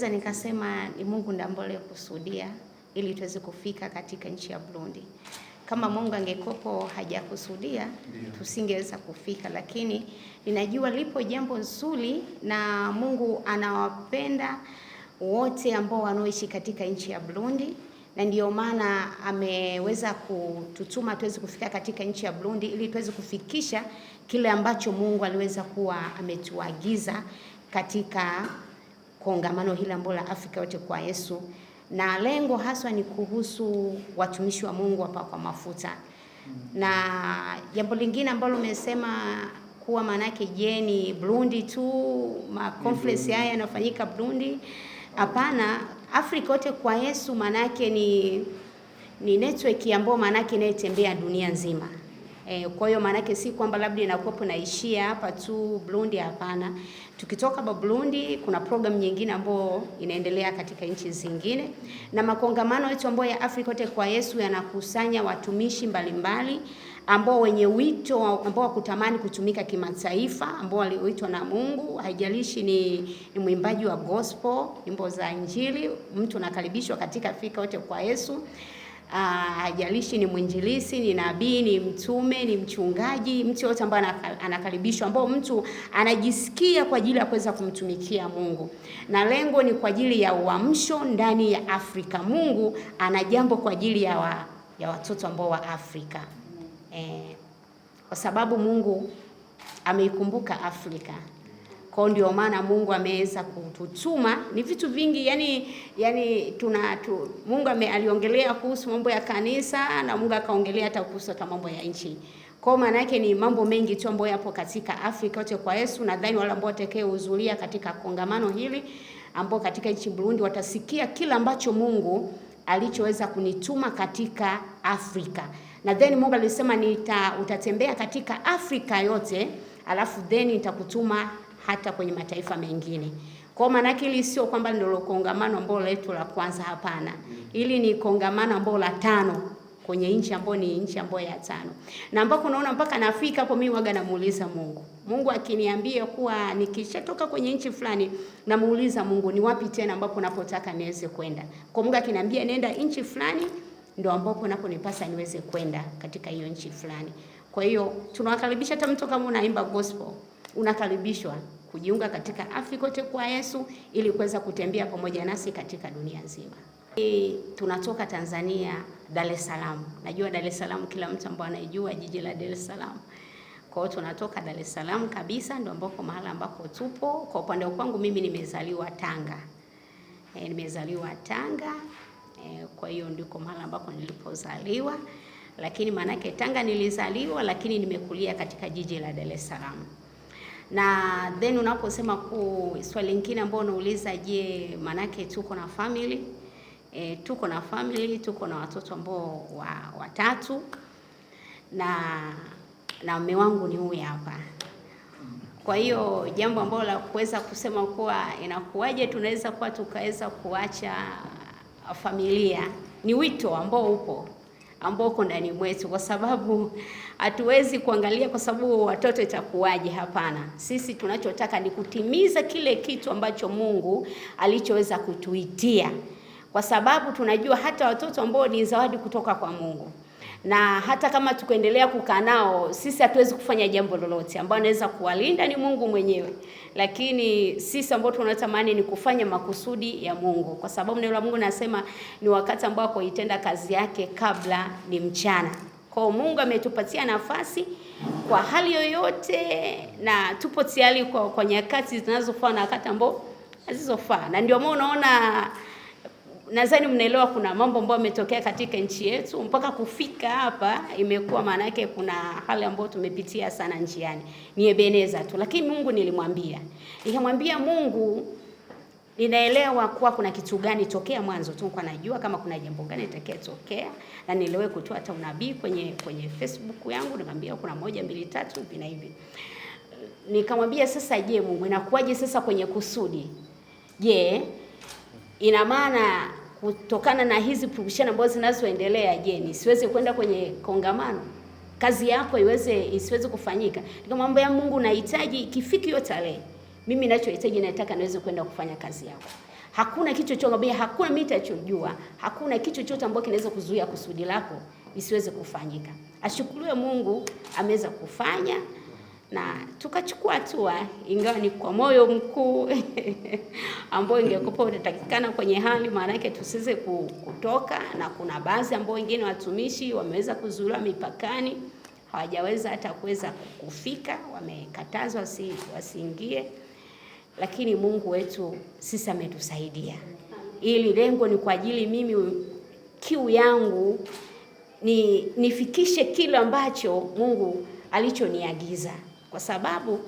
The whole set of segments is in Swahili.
naweza nikasema ni Mungu ndiye ambaye alikusudia ili tuweze kufika katika nchi ya Burundi. Kama Mungu angekopo hajakusudia tusingeweza kufika, lakini ninajua lipo jambo nzuri, na Mungu anawapenda wote ambao wanaoishi katika nchi ya Burundi, na ndio maana ameweza kututuma tuweze kufika katika nchi ya Burundi ili tuweze kufikisha kile ambacho Mungu aliweza kuwa ametuagiza katika kongamano hili ambalo la Afrika yote kwa Yesu, na lengo haswa ni kuhusu watumishi wa Mungu hapa kwa mafuta. Na jambo lingine ambalo umesema kuwa maanake, je, ni Burundi tu ma conference mm-hmm. haya yanafanyika Burundi? Hapana, Afrika yote kwa Yesu maanake ni ni network ambayo maanake inayotembea dunia nzima. E, kwa hiyo maanake si kwamba labda inakuwa naishia hapa tu Burundi, hapana. Tukitoka ba Burundi, kuna program nyingine ambayo inaendelea katika nchi zingine, na makongamano yetu ambayo ya Afrika yote kwa Yesu yanakusanya watumishi mbalimbali ambao wenye wito ambao wakutamani kutumika kimataifa, ambao walioitwa na Mungu. Haijalishi ni, ni mwimbaji wa gospel, nyimbo za Injili, mtu anakaribishwa katika Afrika yote kwa Yesu. Ah, hajalishi ni mwinjilisi, ni nabii, ni mtume, ni mchungaji, mtu yoyote ambaye anakaribishwa, ambao mtu anajisikia kwa ajili ya kuweza kumtumikia Mungu, na lengo ni kwa ajili ya uamsho ndani ya Afrika. Mungu ana jambo kwa ajili ya, wa, ya watoto ambao wa Afrika eh, kwa sababu Mungu ameikumbuka Afrika. Kwa ndio maana Mungu ameweza kututuma, ni vitu vingi yani, yani tuna tu, Mungu ame, aliongelea kuhusu mambo ya kanisa na Mungu akaongelea hata kuhusu hata mambo ya nchi. Kwa maana yake ni mambo mengi tu ambayo yapo katika Afrika yote kwa Yesu. Nadhani wale ambao watakaohudhuria katika kongamano hili ambao katika nchi Burundi watasikia kila ambacho Mungu alichoweza kunituma katika Afrika. Na then Mungu alisema nita utatembea katika Afrika yote, alafu then nitakutuma hata kwenye mataifa mengine. Kwa maana yake hili sio kwamba ndio kongamano ambalo letu la kwanza, hapana. Hili ni kongamano ambalo la tano kwenye nchi ambayo ni nchi ambayo ya tano, na ambako unaona mpaka nafika hapo, mimi waga namuuliza Mungu. Mungu akiniambia kuwa nikishatoka kwenye nchi fulani, namuuliza Mungu ni wapi tena ambapo napotaka niweze kwenda. Kwa Mungu akiniambia nenda nchi fulani, ndio ambapo naponipasa niweze kwenda katika hiyo nchi fulani. Kwa hiyo tunawakaribisha, hata mtu kama unaimba gospel unakaribishwa kujiunga katika Afrikote kwa Yesu ili kuweza kutembea pamoja nasi katika dunia nzima. Tunatoka Tanzania, Dar es Salaam. Najua Dar es Salaam kila mtu ambaye anaijua jiji la Dar es Salaam. Kwa hiyo tunatoka Dar es Salaam kabisa, ndio ambako mahala ambako tupo. Kwa upande wangu mimi nimezaliwa Tanga. E, nimezaliwa Tanga. E, kwa hiyo ndiko mahala ambako nilipozaliwa, lakini maanake Tanga nilizaliwa, lakini nimekulia katika jiji la Dar es Salaam na then unaposema ku swali lingine ambao unauliza, je, manake tuko na family e, tuko na family, tuko na watoto ambao wa, watatu na na mume wangu ni huyu hapa. Kwa hiyo jambo ambalo la kuweza kusema kuwa inakuwaje tunaweza kuwa tukaweza kuacha familia ni wito ambao upo ambao uko ndani mwetu, kwa sababu hatuwezi kuangalia kwa sababu watoto itakuwaje. Hapana, sisi tunachotaka ni kutimiza kile kitu ambacho Mungu alichoweza kutuitia, kwa sababu tunajua hata watoto ambao ni zawadi kutoka kwa Mungu na hata kama tukuendelea kukaa nao, sisi hatuwezi kufanya jambo lolote. Ambao anaweza kuwalinda ni Mungu mwenyewe, lakini sisi ambao tunatamani ni kufanya makusudi ya Mungu, kwa sababu neno la Mungu nasema ni wakati ambao akoitenda kazi yake kabla ni mchana. Kwa Mungu ametupatia nafasi kwa hali yoyote, na tupo tayari kwa, kwa nyakati zinazofaa na wakati ambao zisizofaa, na ndio maana unaona nadhani mnaelewa kuna mambo ambayo yametokea katika nchi yetu mpaka kufika hapa, imekuwa maana yake kuna hali ambayo tumepitia sana njiani, ni Ebeneza tu. Lakini Mungu nilimwambia, nikamwambia Mungu, ninaelewa kuwa kuna kitu gani tokea mwanzo tu kwa najua kama kuna jambo gani tokea, na niliwahi kutoa hata unabii kwenye kwenye Facebook yangu, nikamwambia kuna moja mbili tatu hivi na hivi. Nikamwambia sasa, je, Mungu inakuwaje sasa kwenye kusudi? Je, yeah ina maana kutokana na hizi purukushani ambazo zinazoendelea, je, nisiweze kwenda kwenye kongamano? Kazi yako iweze isiweze kufanyika? Nikamwambia Mungu, nahitaji ikifiki hiyo tarehe, mimi ninachohitaji, nataka niweze kwenda kufanya kazi yako. Hakuna kitu chochote, hakuna mimi nitachojua, hakuna kitu chochote ambacho kinaweza kuzuia kusudi lako isiweze kufanyika. Ashukuriwe Mungu ameweza kufanya na tukachukua hatua, ingawa ni kwa moyo mkuu ambao ingekupa utatakikana kwenye hali, maanake tusize kutoka, na kuna baadhi ambao wengine watumishi wameweza kuzuiliwa mipakani, hawajaweza hata kuweza kufika, wamekatazwa si wasiingie, lakini Mungu wetu sisi ametusaidia. Ili lengo ni kwa ajili mimi kiu yangu ni nifikishe kile ambacho Mungu alichoniagiza kwa sababu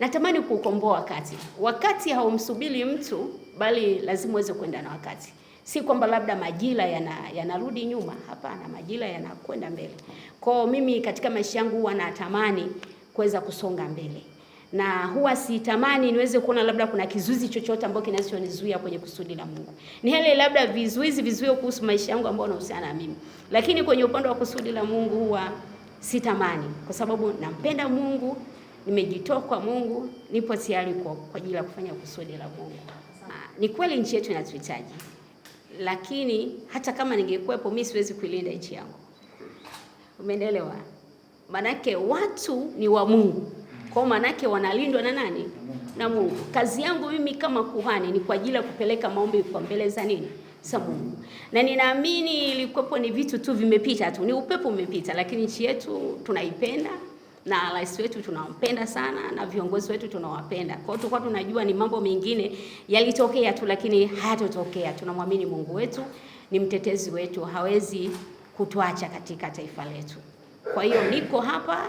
natamani kuukomboa wakati. Wakati haumsubiri mtu, bali lazima uweze kwenda na wakati. Si kwamba labda majira yanarudi yana nyuma, hapana, majira yanakwenda mbele. Kwa mimi katika maisha yangu huwa natamani kuweza kusonga mbele na huwa sitamani niweze kuona labda kuna kizuizi chochote ambacho kinachonizuia kwenye kusudi la Mungu. Ni hele labda vizuizi vizuio kuhusu maisha yangu ambayo yanahusiana na mimi, lakini kwenye upande wa kusudi la Mungu huwa sitamani, kwa sababu nampenda Mungu, nimejitoa kwa Mungu, nipo tayari kwa ajili ya kufanya kusudi la Mungu. Ah, ni kweli nchi yetu inatuhitaji, lakini hata kama ningekuwepo mimi siwezi kuilinda nchi yangu. Umeelewa? Manake watu ni wa Mungu, kwa manake wanalindwa na nani? Na Mungu. Kazi yangu mimi kama kuhani ni kwa ajili ya kupeleka maombi kwa mbele za nini za Mungu, na ninaamini ilikuwepo ni vitu tu vimepita tu, ni upepo umepita, lakini nchi yetu tunaipenda na rais wetu tunampenda sana na viongozi wetu tunawapenda. Kwa hiyo tulikuwa tunajua ni mambo mengine yalitokea tu, lakini hayatotokea. Tunamwamini Mungu wetu ni mtetezi wetu, hawezi kutuacha katika taifa letu. Kwa hiyo niko hapa,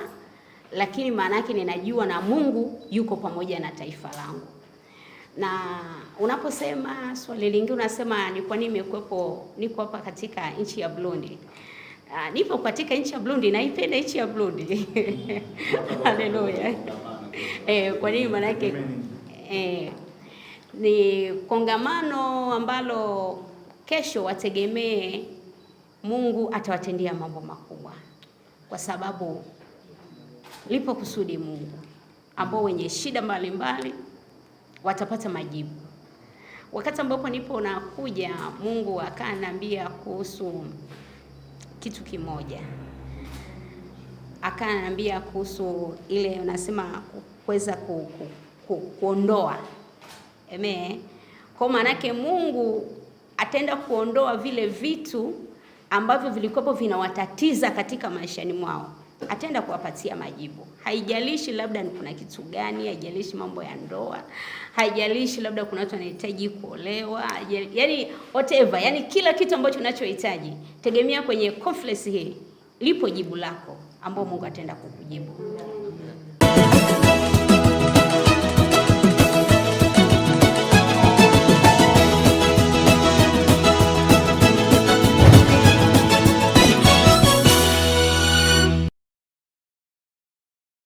lakini maana yake ninajua na Mungu yuko pamoja na taifa langu na unaposema swali lingi unasema ni kwa nini nimekuepo niko hapa katika nchi ya Burundi. Uh, nipo katika nchi ya Burundi, naipenda nchi ya Burundi haleluya. Eh, kwa nini? Maana yake eh, ni kongamano ambalo kesho wategemee Mungu atawatendea mambo makubwa, kwa sababu lipo kusudi Mungu ambao wenye shida mbalimbali mbali, watapata majibu. Wakati ambapo nipo nakuja, Mungu akaanambia kuhusu kitu kimoja, akaanambia kuhusu ile unasema kuweza ku, ku, ku, kuondoa eme. Kwa maanake Mungu ataenda kuondoa vile vitu ambavyo vilikuwepo vinawatatiza katika maishani mwao ataenda kuwapatia majibu. Haijalishi labda ni kuna kitu gani, haijalishi mambo ya ndoa, haijalishi labda kuna watu wanahitaji kuolewa, yani whatever, yani kila kitu ambacho unachohitaji, tegemea kwenye conference hii lipo jibu lako ambao Mungu ataenda kukujibu.